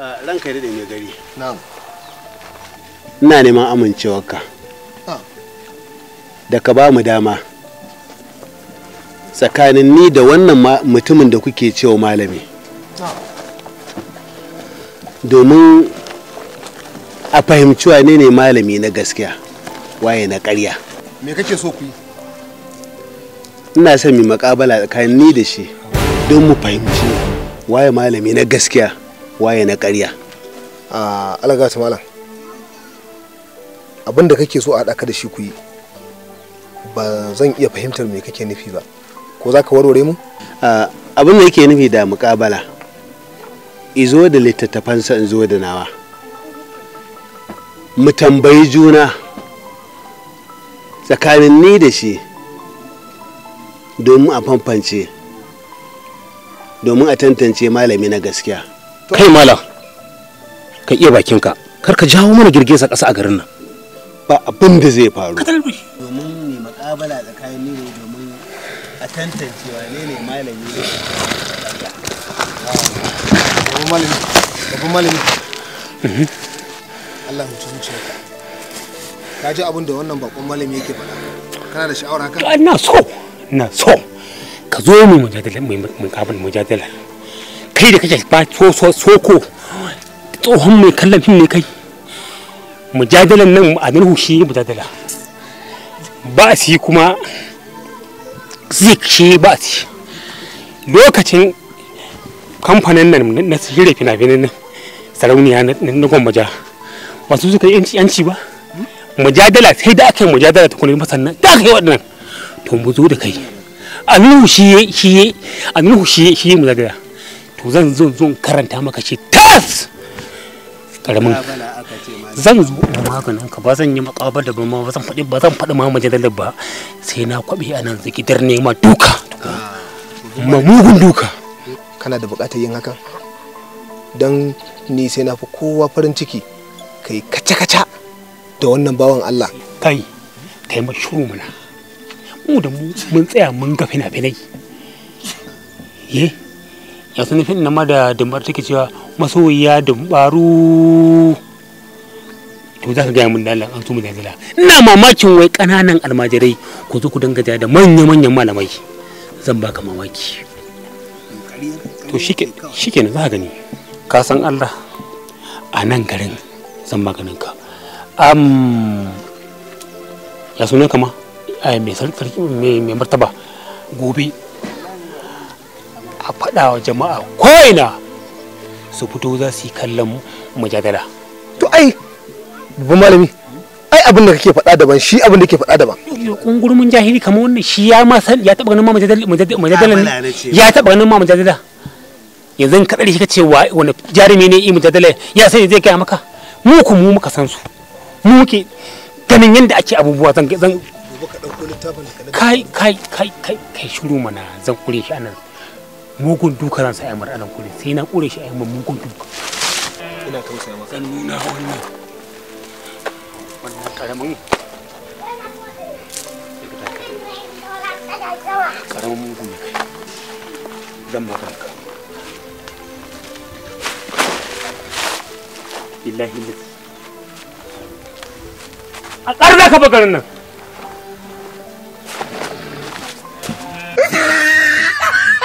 Eh, ranka ya mai gari ina neman amincewarka da ka ba mu dama tsakanin ni da wannan mutumin da kuke cewa malami domin a fahimci wa ne malami na gaskiya waye na ƙarya me kake so ku yi ina son makabala tsakanin ni da shi don mu fahimci waye malami na gaskiya waye na ƙarya a alagata malam abin da kake so a haɗa da shi ku yi ba zan iya fahimtar me kake nufi ba ko za ka warware mu abin da yake nufi da muƙabala izo da littattafan sa zo da nawa mu tambayi juna tsakanin ni da shi domin a fanfance domin a tantance malami na gaskiya kai mala ka iya bakinka kar ka jawo mana girgiza ƙasa a garin nan ba abin da zai faru ka domin ne makabala tsakanin ne domin a tantance wane ne malami ne babu malami babu malami mhm. Allah mutu zuciyarka ka ji abin da wannan bakon malami yake faɗa kana da sha'awar haka ina so ina so ka zo mu mujadala mu mujadala kai da kake ba soko tsohon mai kallon fim ne kai mujadalan nan a nan shi mujadala ba shi kuma zik shi ba shi lokacin kamfanin nan na shirya fina-finan nan sarauniya na gwammaja wasu suka yi yanci ba mujadala sai da aka yi mujadala ta masan nan da aka yi waɗannan to mu zo da kai a nuhu shi shi a nuhu shi shi mujadala to zan zo zo karanta maka shi tas karamin zan zo da maganin ka ba zan yi makabar da ba zan faɗi ba zan faɗi ma majalar ba sai na kwabe a nan zikidar nema duka ma mugun duka kana da buƙatar yin hakan don ni sai na fi kowa farin ciki kai kaca-kaca da wannan bawan Allah kai kai ma shuru muna mu da mu mun tsaya mun ga fina-finai ye ya sani fi nama da dumbar take cewa masoyiya dumbaru to za ka gaya mun dalan an tumu zazila ina mamakin wai kananan almajirai ku zo ku danga da manya-manyan malamai zan baka mamaki to shike na za gani ka san allah a nan garin zan baka ka am ya suna kama mai martaba gobe faɗa wa jama'a ko'ina su fito za su yi kallon majadala. to ai babban malami ai abin da kake faɗa daban shi abin da kake faɗa daban kungurmin jahili kamar wannan shi ya ma san ya taɓa ganin ma mujadala ya taɓa ganin ma mujadala yanzu ka ɗari shi ka ce wani jarumi ne yi mujadala ya sani zai gaya maka mu ku mu muka san su mu ke ganin yadda ake abubuwa zan kai kai kai kai kai shiru mana zan kure shi anan mugun duka zan sa ya mara anan kure sai na kure shi a yamma mugun duka ina tausaya maka kan nuna wannan wannan karamin karamin mugun ne kai zan maka haka billahi a ƙarfi ka bakarin nan